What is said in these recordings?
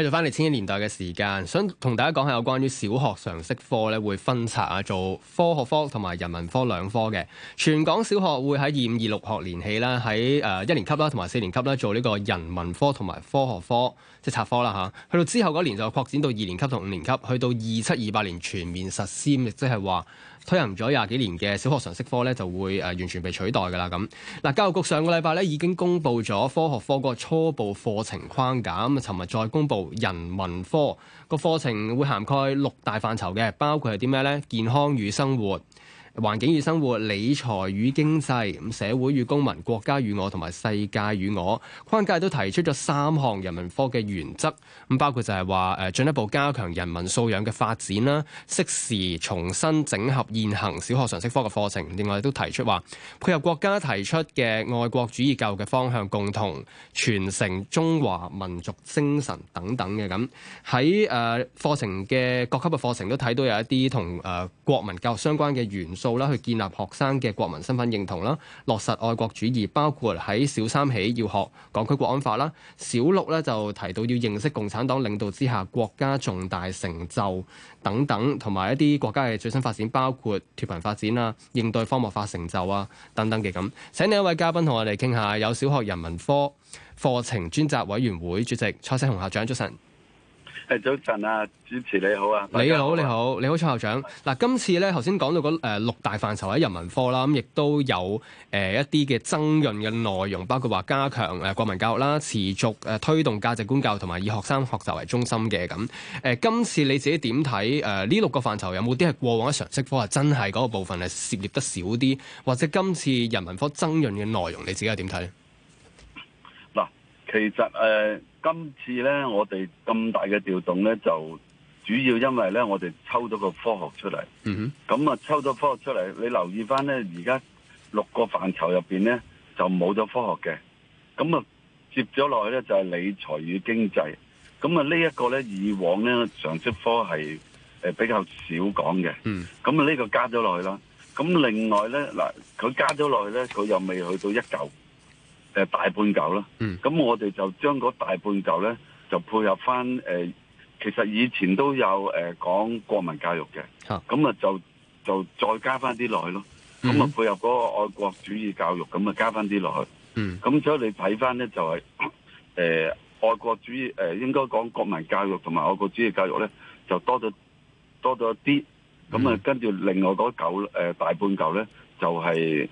繼續翻嚟千禧年代嘅時間，想同大家講下有關於小學常識科咧，會分拆啊做科學科同埋人文科兩科嘅。全港小學會喺二五二六學年起啦，喺誒一年級啦同埋四年級啦做呢個人文科同埋科學科，即係拆科啦吓。去到之後嗰年就擴展到二年級同五年級，去到二七二八年全面實施，亦即係話。推行咗廿幾年嘅小學常識科咧，就會誒完全被取代噶啦咁。嗱，教育局上個禮拜咧已經公布咗科學科個初步課程框架，咁啊，尋日再公布人文科個課程會涵蓋六大範疇嘅，包括係啲咩咧？健康與生活、環境與生活、理財與經濟、社會與公民、國家與我同埋世界與我，框架都提出咗三項人文科嘅原則，咁包括就係話誒進一步加強人文素養嘅發展啦，適時重新整合現行小學常識科嘅課程，另外都提出話配合國家提出嘅愛國主義教育嘅方向，共同傳承中華民族精神等等嘅咁。喺誒課程嘅各級嘅課程都睇到有一啲同誒國民教育相關嘅元素。到啦，去建立學生嘅國民身份認同啦，落實愛國主義，包括喺小三起要學港區國安法啦。小六呢就提到要認識共產黨領導之下國家重大成就等等，同埋一啲國家嘅最新發展，包括脫貧發展啊、應對荒漠化成就啊等等嘅咁。請另一位嘉賓同我哋傾下，有小學人文科課程專責委員會主席蔡世鴻校長，早晨。誒，早晨啊，主持你好啊，好啊，你好，你好，你好，蔡校長。嗱，今次咧，頭先講到嗰誒六大範疇喺人文科啦，咁亦都有誒、呃、一啲嘅增潤嘅內容，包括話加強誒國民教育啦，持續誒推動價值觀教育同埋以，以學生學習為中心嘅咁。誒、呃，今次你自己點睇？誒、呃，呢六個範疇有冇啲係過往嘅常識科啊？真係嗰個部分係涉獵得少啲，或者今次人文科增潤嘅內容，你自己係點睇？其實誒、呃，今次咧，我哋咁大嘅調動咧，就主要因為咧，我哋抽咗個科學出嚟。嗯哼。咁啊，抽咗科學出嚟，你留意翻咧，而家六個範疇入邊咧，就冇咗科學嘅。咁啊，接咗落去咧，就係、是、理財與經濟。咁啊，呢一個咧，以往咧，常識科係誒、呃、比較少講嘅。嗯。咁啊，呢個加咗落去啦。咁另外咧，嗱，佢加咗落去咧，佢又未去到一嚿。誒，大半嚿啦，咁我哋就將嗰大半嚿咧，就配合翻誒、呃，其實以前都有誒講、呃、國民教育嘅，咁啊就就再加翻啲落去咯，咁啊配合嗰個愛國主義教育，咁啊加翻啲落去，咁、嗯、所以你睇翻咧就係、是、誒、呃、愛國主義誒、呃、應該講國民教育同埋愛國主義教育咧就多咗多咗一啲，咁啊跟住另外嗰嚿誒大半嚿咧就係、是、誒、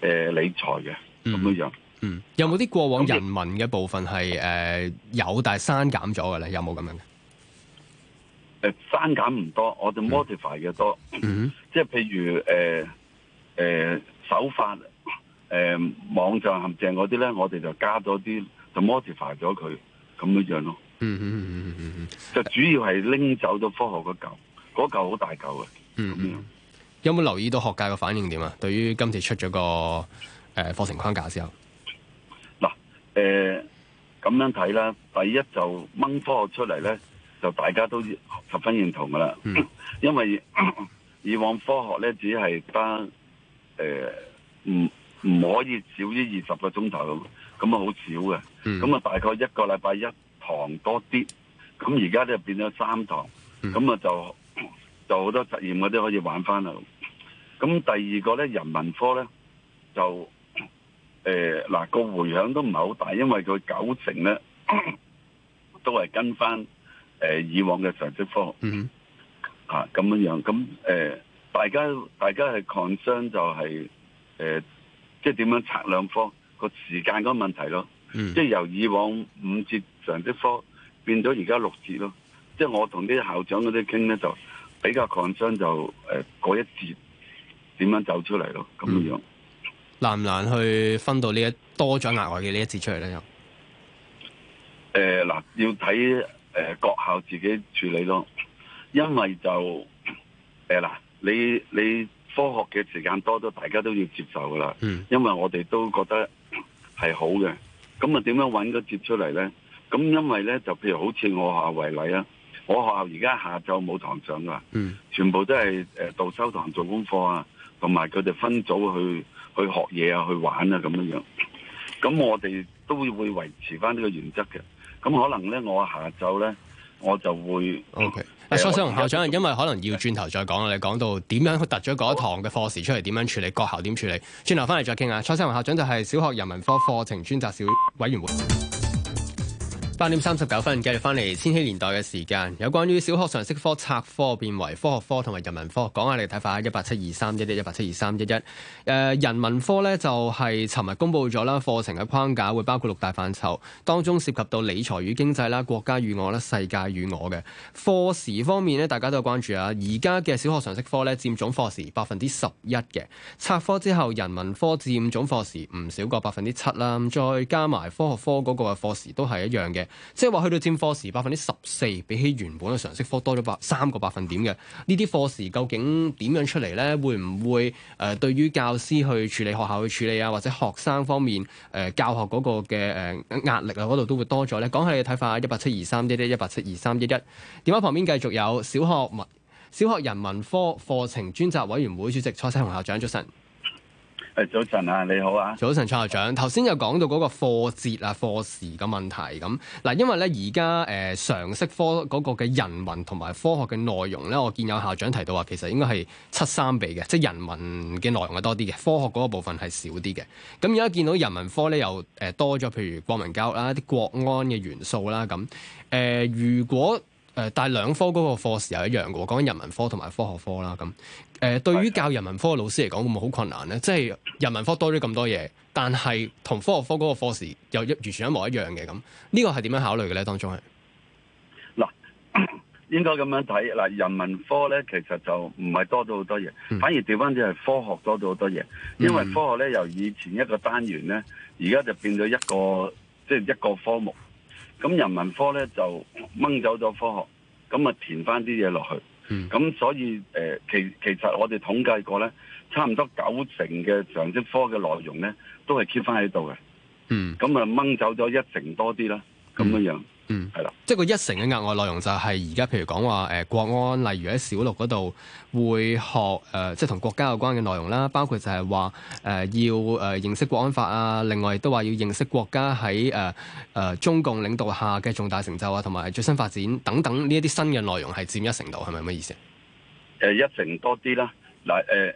呃、理財嘅咁嘅樣。嗯嗯，有冇啲過往人文嘅部分係誒、嗯呃、有，但係刪減咗嘅咧？有冇咁樣嘅？誒、呃，刪減唔多，我哋 modify 嘅多，嗯嗯、即係譬如誒誒、呃呃、手法誒、呃、網站陷阱嗰啲咧，我哋就加咗啲，就 modify 咗佢，咁樣樣咯。嗯嗯嗯嗯嗯嗯，就主要係拎走咗科學嗰嚿，嗰嚿好大嚿嘅。嗯嗯，有冇留意到學界嘅反應點啊？對於今次出咗個誒課、呃、程框架之後？誒、呃，咁樣睇啦，第一就掹科學出嚟咧，就大家都十分認同噶啦、嗯。因為以往科學咧只係得誒，唔、呃、唔可以少於二十個鐘頭咁，咁啊好少嘅。咁、嗯、啊大概一個禮拜一堂多啲，咁而家咧變咗三堂，咁、嗯、啊就就好多實驗嗰啲可以玩翻啦。咁第二個咧，人文科咧就。誒、呃，嗱、那個回響都唔係好大，因為佢九成咧都係跟翻誒、呃、以往嘅常識科，嗯、mm -hmm. 啊，啊咁樣樣，咁、呃、誒大家大家係 concern 就係、是、誒、呃、即係點樣拆兩科個時間個問題咯，mm -hmm. 即係由以往五節常識科變咗而家六節咯，即係我同啲校長嗰啲傾咧就比較 concern 就誒嗰、呃、一節點樣走出嚟咯，咁、mm、樣 -hmm. 樣。難唔難去分到呢一多咗額外嘅呢一節出嚟咧？又誒，嗱，要睇誒各校自己處理咯，因為就誒嗱、呃，你你科學嘅時間多咗，大家都要接受噶啦。嗯，因為我哋都覺得係好嘅，咁啊點樣搵個節出嚟咧？咁因為咧就譬如好似我學校為例啊，我學校而家下晝冇堂上噶，嗯，全部都係誒到收堂做功課啊，同埋佢哋分組去。去學嘢啊，去玩啊，咁樣樣。咁我哋都會維持翻呢個原則嘅。咁可能咧，我下晝咧，我就會。O、okay. K、嗯。嗱，蔡世鴻校長，因為可能要轉頭再講啦，講到點樣突咗嗰一堂嘅課時出嚟，點樣處理，各校點處理，轉頭翻嚟再傾下。蔡世鴻校長就係小學人文科課程專責小委員會。八點三十九分，繼續翻嚟千禧年代嘅時間，有關於小學常識科拆科變為科學科同埋人文科，講下你睇法，一八七二三一一一八七二三一一，誒、呃，人文科呢，就係尋日公布咗啦，課程嘅框架會包括六大範疇，當中涉及到理財與經濟啦、國家與我啦、世界與我嘅課時方面呢，大家都有關注啊！而家嘅小學常識科呢，佔總課時百分之十一嘅，拆科之後，人文科佔總課時唔少過百分之七啦，再加埋科學科嗰個課時都係一樣嘅。即係話去到佔課時，百分之十四比起原本嘅常識科多咗百三個百分點嘅呢啲課時，究竟點樣出嚟呢？會唔會誒，對於教師去處理學校去處理啊，或者學生方面誒教學嗰個嘅誒壓力啊，嗰度都會多咗呢？講下你嘅睇法，一八七二三一一一八七二三一一電話旁邊繼續有小學文小學人文科課程專責委員會主席蔡世鴻校長，早晨。誒，早晨啊，你好啊！早晨，蔡校長，頭先又講到嗰個課節啊、課時嘅問題咁，嗱，因為咧而家誒常識科嗰個嘅人文同埋科學嘅內容咧，我見有校長提到話，其實應該係七三比嘅，即係人文嘅內容係多啲嘅，科學嗰個部分係少啲嘅。咁而家見到人文科咧又誒多咗，譬如國民教育啦、啲國安嘅元素啦咁。誒、呃，如果誒、呃、但係兩科嗰個課時又一樣嘅，講緊人文科同埋科學科啦咁。誒、呃，對於教人文科嘅老師嚟講，會唔會好困難呢？即係人文科多咗咁多嘢，但係同科學科嗰個課時又一完全一模一樣嘅咁，呢個係點樣考慮嘅呢？當中係嗱，應該咁樣睇嗱，人文科呢，其實就唔係多咗好多嘢，嗯、反而調翻轉係科學多咗好多嘢，因為科學呢，由以前一個單元呢，而家就變咗一個即係、即係、一個科目，咁人文科呢，就掹走咗科學。咁啊，填翻啲嘢落去，咁、嗯、所以、呃、其其實我哋統計過咧，差唔多九成嘅常識科嘅內容咧，都係 keep 翻喺度嘅，咁啊，掹走咗一成多啲啦，咁樣。嗯嗯，係啦，即係個一成嘅額外內容就係而家，譬如講話誒國安，例如喺小六嗰度會學誒，即係同國家有關嘅內容啦，包括就係話誒要誒、呃、認識國安法啊，另外都話要認識國家喺誒誒中共領導下嘅重大成就啊，同埋最新發展等等呢一啲新嘅內容係佔一成度，係咪咩意思誒、呃，一成多啲啦，嗱、呃、誒，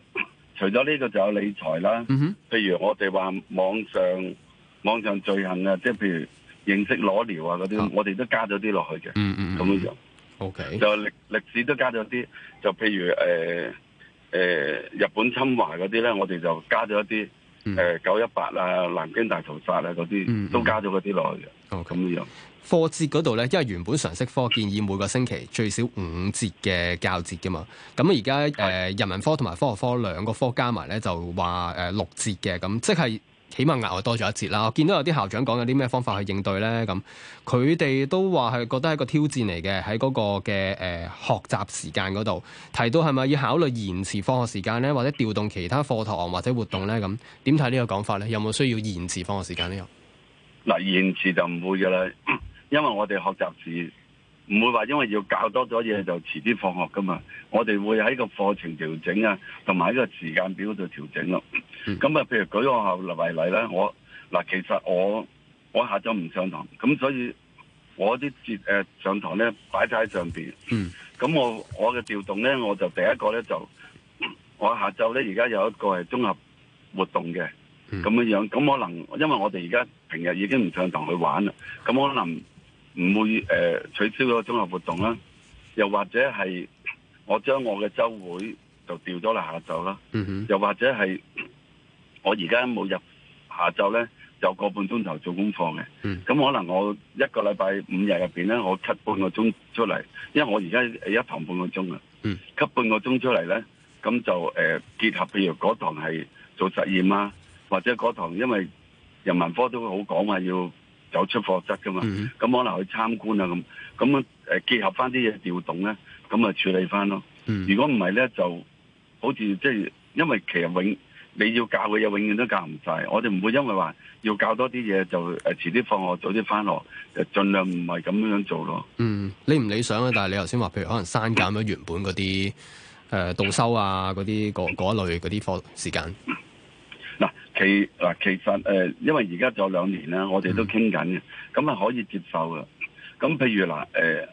除咗呢個，就有理財啦、嗯哼，譬如我哋話網上網上罪行啊，即係譬如。認識裸聊啊嗰啲、啊，我哋都加咗啲落去嘅。嗯嗯咁樣樣。O K。就歷歷史都加咗啲，就譬如誒誒、呃呃、日本侵華嗰啲咧，我哋就加咗一啲誒九一八啊、南京大屠殺啊嗰啲，嗯，都加咗嗰啲落去嘅。哦，咁樣樣。課節嗰度咧，因為原本常識科建議每個星期最少五節嘅教節嘅嘛，咁而家誒人文科同埋科學科兩個科加埋咧就話誒、呃、六節嘅，咁即係。起碼額外多咗一節啦，我見到有啲校長講有啲咩方法去應對呢？咁佢哋都話係覺得係一個挑戰嚟嘅。喺嗰個嘅誒、呃、學習時間嗰度提到係咪要考慮延遲放學時間呢？或者調動其他課堂或者活動呢？咁點睇呢個講法呢？有冇需要延遲放學時間呢？嗱，延遲就唔會嘅啦，因為我哋學習是。唔會話因為要教多咗嘢就遲啲放學噶嘛，我哋會喺個課程調整啊，同埋喺個時間表度調整咯。咁啊，嗯、譬如舉學校嚟為例啦，我嗱其實我我下晝唔上堂，咁所以我啲節誒上堂咧擺晒喺上面。咁、嗯、我我嘅調動咧，我就第一個咧就我下晝咧，而家有一個係綜合活動嘅咁、嗯、樣咁可能因為我哋而家平日已經唔上堂去玩啦，咁可能。唔會誒、呃、取消個綜合活動啦，又或者係我將我嘅週會就調咗嚟下晝啦，又或者係我而家冇入下晝咧，有個半鐘頭做功課嘅。咁、嗯、可能我一個禮拜五日入邊咧，我 cut 半個鐘出嚟，因為我而家一堂半個鐘啊，cut、嗯、半個鐘出嚟咧，咁就誒、呃、結合，譬如嗰堂係做實驗啊，或者嗰堂因為人文科都會好講話要。走出課室噶嘛，咁、嗯、可能去參觀啊咁，咁誒結合翻啲嘢調動咧，咁啊處理翻咯、嗯。如果唔係咧，就好似即係因為其實永你要教嘅嘢永遠都教唔晒。我哋唔會因為話要教多啲嘢就誒、啊、遲啲放學早啲翻學，就盡量唔係咁樣做咯。嗯，理唔理想啊？但係你頭先話譬如可能刪減咗原本嗰啲誒導修啊嗰啲嗰一類嗰啲課時間。其嗱，其實誒，因為而家仲有兩年啦，我哋都傾緊嘅，咁、mm、係 -hmm. 可以接受嘅。咁譬如嗱，誒、呃，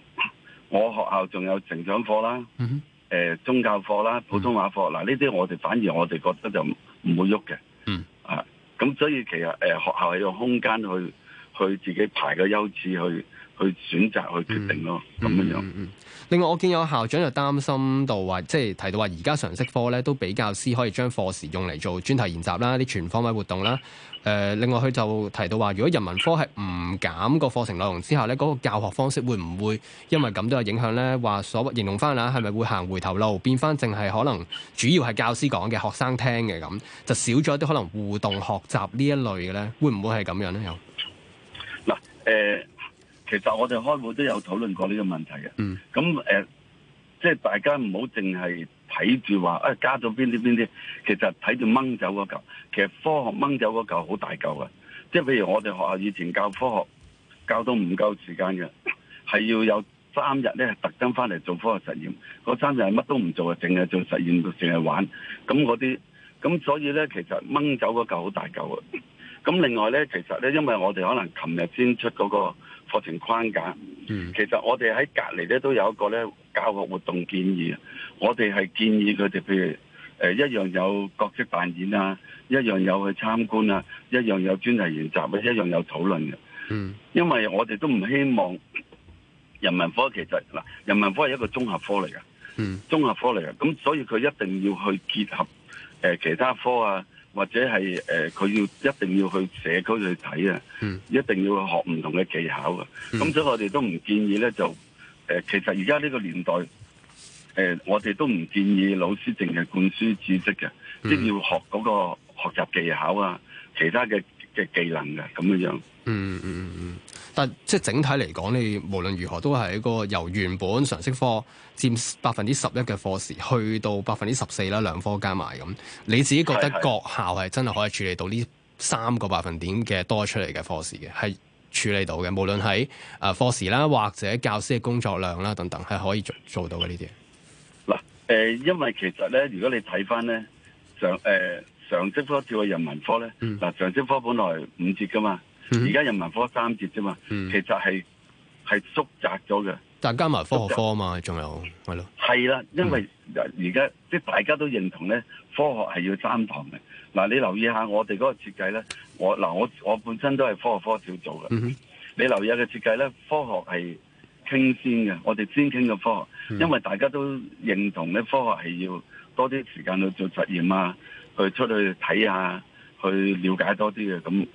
我學校仲有成長課啦，誒、mm -hmm. 呃、宗教課啦，普通話課嗱，呢啲我哋反而我哋覺得就唔會喐嘅。嗯、mm -hmm.，啊，咁所以其實誒、呃、學校係有空間去去自己排個優次去。去選擇去決定咯，咁、嗯、樣樣、嗯嗯。另外，我見有校長就擔心到話，即、就、係、是、提到話，而家常識科咧都畀教師可以將課時用嚟做專題研習啦、啲全方位活動啦。誒、呃，另外佢就提到話，如果人文科係唔減個課程內容之後咧，嗰、那個教學方式會唔會因為咁都有影響咧？話所謂形容翻啦，係咪會行回頭路，變翻淨係可能主要係教師講嘅學生聽嘅咁，就少咗啲可能互動學習呢一類嘅咧，會唔會係咁樣咧？有嗱誒。其實我哋開會都有討論過呢個問題嘅。咁、嗯、誒、呃，即係大家唔好淨係睇住話，誒、哎、加咗邊啲邊啲。其實睇住掹走嗰嚿，其實科學掹走嗰嚿好大嚿嘅。即係譬如我哋學校以前教科學，教到唔夠時間嘅，係要有三日咧特登翻嚟做科學實驗。嗰三日係乜都唔做啊，淨係做實驗，淨係玩。咁嗰啲，咁所以咧，其實掹走嗰嚿好大嚿啊。咁另外咧，其實咧，因為我哋可能琴日先出嗰個課程框架，其實我哋喺隔籬咧都有一個咧教學活動建議，我哋係建議佢哋譬如誒、呃、一樣有角色扮演啊，一樣有去參觀啊，一樣有專題研習，一樣有討論嘅。嗯，因為我哋都唔希望人文科其實嗱，人文科係一個綜合科嚟嘅，嗯，綜合科嚟嘅，咁所以佢一定要去結合誒、呃、其他科啊。或者係誒，佢、呃、要一定要去社區去睇啊，一定要學唔同嘅技巧啊。咁所以我哋都唔建議咧，就誒、呃，其實而家呢個年代，誒、呃，我哋都唔建議老師淨係灌輸知識嘅，即、就、係、是、要學嗰個學習技巧啊，其他嘅嘅技能嘅咁樣樣。嗯嗯嗯嗯。嗯。但即係整體嚟講，你無論如何都係一個由原本常識科佔百分之十一嘅課時去到百分之十四啦，兩科加埋咁。你自己覺得各校係真係可以處理到呢三個百分點嘅多出嚟嘅課時嘅，係處理到嘅。無論喺誒課時啦，或者教師嘅工作量啦等等，係可以做做到嘅呢啲嘢。嗱，誒，因為其實咧，如果你睇翻咧，上誒常識科跳嘅人文科咧，嗱、嗯，常識科本來五節噶嘛。而家人文科三節啫嘛，其實係係縮窄咗嘅。但加埋科學科啊嘛，仲有係咯。係啦，因為而家、嗯、即係大家都認同咧，科學係要三堂嘅。嗱，你留意下我哋嗰個設計咧，我嗱我我本身都係科學科小組嘅、嗯。你留意下嘅設計咧，科學係傾先嘅。我哋先傾咗科學、嗯，因為大家都認同咧，科學係要多啲時間去做實驗啊，去出去睇下，去了解多啲嘅咁。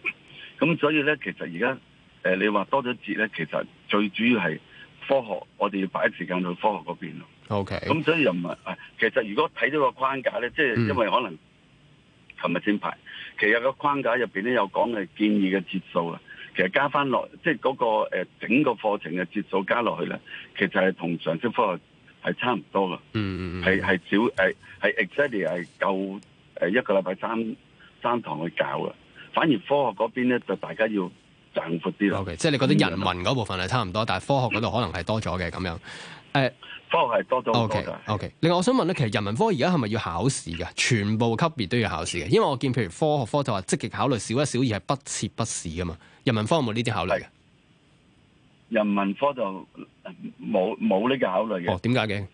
咁所以呢，其實而家、呃、你話多咗節呢，其實最主要係科學，我哋要擺時間去科學嗰邊咯。O K. 咁所以又唔係，其實如果睇到個框架呢，即係因為可能琴日先排，其實個框架入面咧有講嘅建議嘅節數啊。其實加返落，即係嗰個整個課程嘅節數加落去咧，其實係同常識科學係差唔多噶。係少係 exactly 係夠一個禮拜三,三堂去教啊。反而科學嗰邊咧，就大家要賺闊啲咯。Okay, 即係你覺得人文嗰部分係差唔多，但係科學嗰度可能係多咗嘅咁樣。誒、uh，科學係多咗好多 okay, OK，另外我想問咧，其實人文科而家係咪要考試嘅？全部級別都要考試嘅，因為我見譬如科學科就話積極考慮小一、小二係不設不試嘅嘛。人文科有冇呢啲考慮嘅？人文科就冇冇呢個考慮嘅。哦，點解嘅？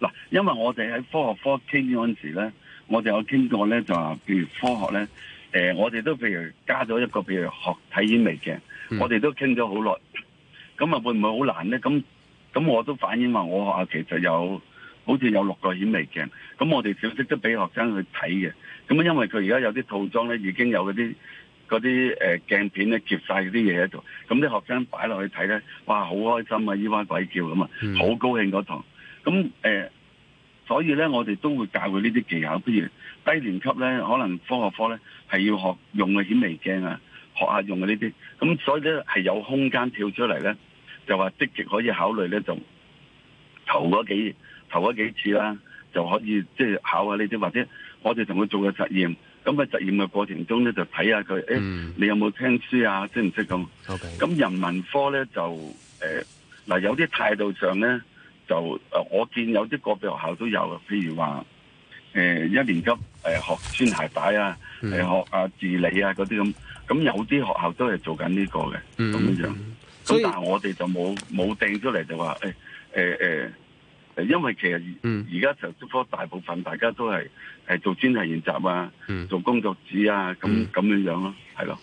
嗱，因為我哋喺科學科傾嗰陣時咧，我哋有傾過咧，就話譬如科學咧。誒、呃，我哋都譬如加咗一個，譬如學睇顯微鏡，我哋都傾咗好耐，咁啊會唔會好難咧？咁咁我都反映話，我學校其實有好似有六個顯微鏡，咁我哋小息都俾學生去睇嘅。咁啊，因為佢而家有啲套裝咧，已經有嗰啲嗰啲誒鏡片咧，夾晒嗰啲嘢喺度，咁啲學生擺落去睇咧，哇，好開心啊，依班鬼叫咁啊，好、嗯、高興嗰堂，咁所以咧，我哋都會教佢呢啲技巧。譬如低年級咧，可能科學科咧係要學用嘅顯微鏡啊，學下用嘅呢啲。咁所以咧係有空間跳出嚟咧，就話積極可以考慮咧，就投嗰幾投嗰幾次啦，就可以即係、就是、考下呢啲或者我哋同佢做嘅實驗。咁喺實驗嘅過程中咧，就睇下佢誒你有冇聽書啊，識唔識咁？咁、okay. 人文科咧就嗱、呃，有啲態度上咧。就誒，我見有啲個別學校都有，譬如話誒、呃、一年級誒、呃、學穿鞋帶啊，誒、呃、學啊自理啊嗰啲咁，咁有啲學校都係做緊呢個嘅，咁、mm、樣 -hmm. 樣。咁但係我哋就冇冇訂出嚟就話誒誒誒，因為其實而家就專科、mm -hmm. 大部分大家都係專係係做專題研習啊，mm -hmm. 做工作紙啊，咁咁樣、mm -hmm. 這樣咯，係咯。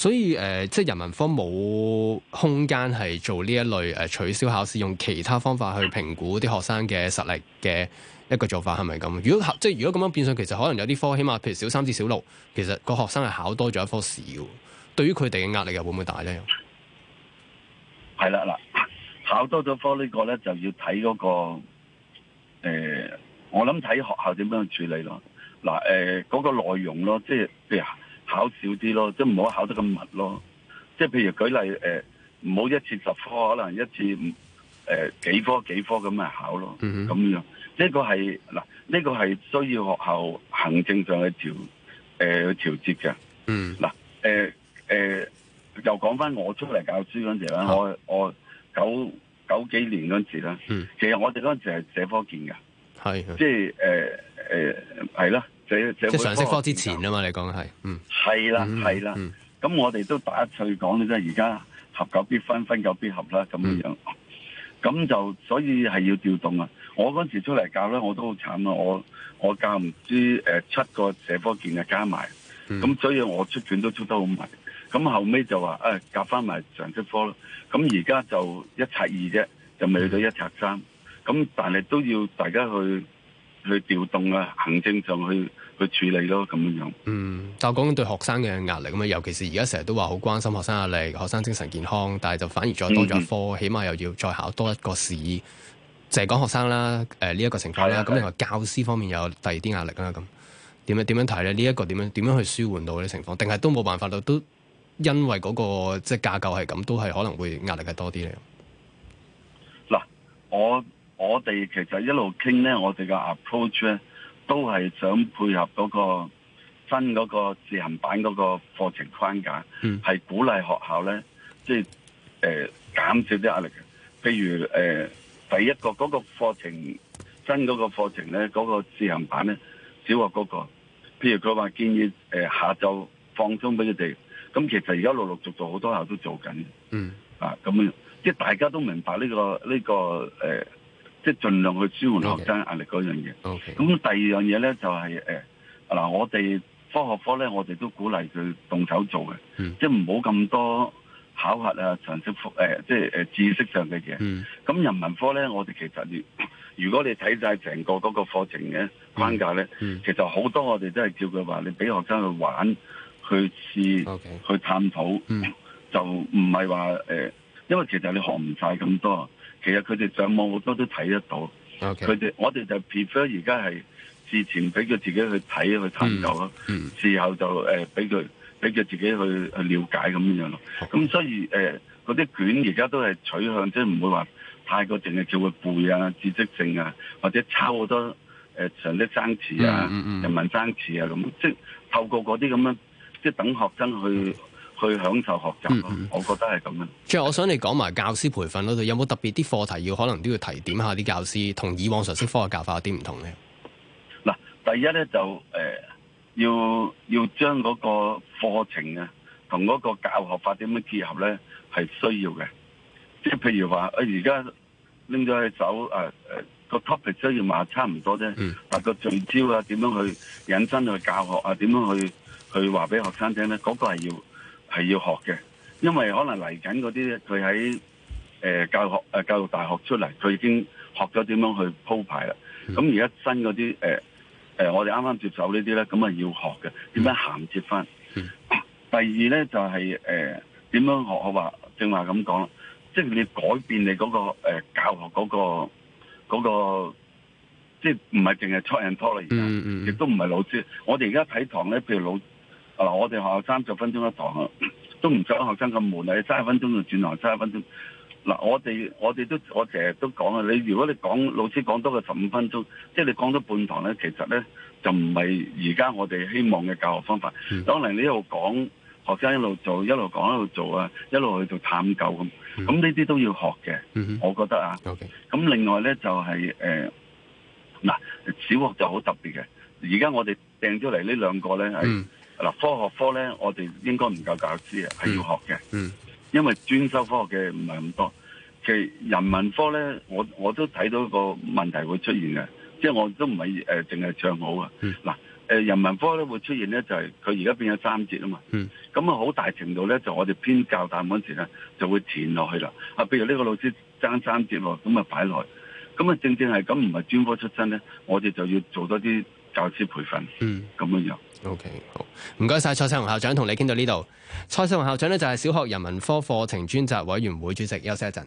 所以誒、呃，即係人文科冇空間係做呢一類誒、呃、取消考試，用其他方法去評估啲學生嘅實力嘅一個做法係咪咁？如果即係如果咁樣變相，其實可能有啲科，起碼譬如小三至小六，其實個學生係考多咗一科試嘅，對於佢哋嘅壓力又會唔會大呢？係啦，嗱，考多咗科呢個咧就要睇嗰、嗰個、呃、我諗睇學校點樣處理咯。嗱、呃、誒，嗰、嗰個內容咯，即係譬如。哎考少啲咯，即係唔好考得咁密咯，即係譬如舉例誒，唔、呃、好一次十科，可能一次誒、呃、幾科幾科咁咪考咯，咁、mm -hmm. 樣呢、這個係嗱呢個係需要學校行政上嘅調誒調節嘅。嗯、呃，嗱誒誒，又講翻我出嚟教書嗰陣時啦、mm -hmm.，我我九九幾年嗰陣時啦，mm -hmm. 其實我哋嗰陣時係社科見噶，係、mm -hmm. 即係誒誒係啦。即係常識科之前啊嘛，你講係，嗯，係啦，係啦，咁、嗯嗯、我哋都打趣講咧，即係而家合久必分，分久必合啦，咁樣，咁、嗯、就所以係要調動啊！我嗰時出嚟教咧，我都好慘啊！我我教唔知誒、呃、七個社科卷嘅加埋，咁、嗯、所以我出卷都出得好埋，咁後尾就話誒夾翻埋常識科咯，咁而家就一拆二啫，就未去到一拆三，咁、嗯、但係都要大家去。去調動啊，行政上去去處理咯、啊，咁樣樣。嗯，但係講緊對學生嘅壓力咁啊，尤其是而家成日都話好關心學生壓力、學生精神健康，但係就反而再多咗一科，嗯嗯起碼又要再考多一個試。就係、是、講學生啦，誒呢一個情況啦，咁另外教師方面有第二啲壓力啦，咁點樣點樣睇咧？呢、這、一個點樣點樣去舒緩到呢情況？定係都冇辦法到？都因為嗰、那個即係架構係咁，都係可能會壓力係多啲呢。嗱，我。我哋其實一路傾咧，我哋嘅 approach 咧，都係想配合嗰、那個新嗰個試行版嗰個課程框架，係、mm. 鼓勵學校咧，即係誒減少啲壓力嘅。譬如誒、呃，第一個嗰、那個課程，新嗰個課程咧，嗰、那個試行版咧，小學嗰、那個，譬如佢話建議誒、呃、下晝放鬆俾佢哋，咁其實而家陸陸續續好多校都做緊嗯，mm. 啊，咁樣即係大家都明白呢、這個呢、這個誒。呃即係盡量去舒緩學生壓力嗰樣嘢。咁、okay. okay. 第二樣嘢咧就係、是、嗱、呃，我哋科學科咧，我哋都鼓勵佢動手做嘅，mm. 即係唔好咁多考核啊、常識、呃、即係、呃、知識上嘅嘢。咁、mm. 人文科咧，我哋其實如果你睇晒成個嗰個課程嘅框架咧，mm. 其實好多我哋都係照佢話，你俾學生去玩、去試、okay. 去探討，mm. 就唔係話，因為其實你學唔晒咁多。其實佢哋上網好多都睇得到，佢、okay. 哋我哋就 prefer 而家係事前俾佢自己去睇去探究。咯，事後就誒俾佢俾佢自己去去了解咁樣咯。咁所以誒嗰啲卷而家都係取向，即係唔會話太過淨係叫佢背啊、知識性啊，或者抄好多誒常識生詞啊、mm -hmm. 人民生詞啊咁，即係透過嗰啲咁樣即係等學生去。Mm -hmm. 去享受學習、嗯嗯、我覺得係咁樣。最後我想你講埋教師培訓嗰度有冇特別啲課題要可能都要提點下啲教師，同以往常識科嘅教法有啲唔同咧。嗱，第一咧就誒、呃、要要將嗰個課程啊同嗰個教學法點樣結合咧係需要嘅。即係譬如話，誒而家拎咗去走誒誒個 topic 需要話差唔多啫、嗯，但個聚焦啊點樣去引申去教學啊點樣去去話俾學生聽咧，嗰、那個係要。係要學嘅，因為可能嚟緊嗰啲，佢喺誒教學誒、呃、教育大學出嚟，佢已經學咗點樣去鋪排啦。咁而家新嗰啲誒誒，我哋啱啱接手呢啲咧，咁啊要學嘅，點樣銜接翻，嗯啊。第二咧就係、是、誒、點、呃、樣學，好話正話咁講，即係、就是、你改變你嗰、那個誒、呃、教學嗰、那個個，即係唔係淨係托人拖啦，而家亦都唔係老師。我哋而家睇堂咧，譬如老。嗱，我哋學校三十分鐘一堂啊，都唔想學生咁悶啊，三十分鐘就轉行，三十分鐘。嗱，我哋我哋都我成日都講啊，你如果你講老師講多過十五分鐘，即係你講咗半堂咧，其實咧就唔係而家我哋希望嘅教學方法。當然你一路講，學生一路做，一路講一路做啊，一路去，去做探究咁，咁呢啲都要學嘅、嗯。我覺得啊，咁、okay. 另外咧就係、是、誒，嗱、呃，小學就好特別嘅。而家我哋掟咗嚟呢兩個咧嗱，科學科咧，我哋應該唔夠教師啊，係要學嘅、嗯。嗯，因為專修科學嘅唔係咁多，其實人文科咧，我我都睇到個問題會出現嘅，即係我都唔係誒，淨、呃、係唱好啊。嗱、嗯呃，人文科咧會出現咧，就係佢而家變咗三節啊嘛。嗯，咁啊好大程度咧，就我哋編教擔嗰陣時咧，就會填落去啦。啊，譬如呢個老師爭三節喎，咁啊擺落去，咁啊正正係咁，唔係專科出身咧，我哋就要做多啲教師培訓。嗯，咁樣。O.K. 好，唔該晒蔡世鴻校長，同你傾到呢度。蔡世鴻校長呢就係小學人文科課程專責委員會主席，休息一陣。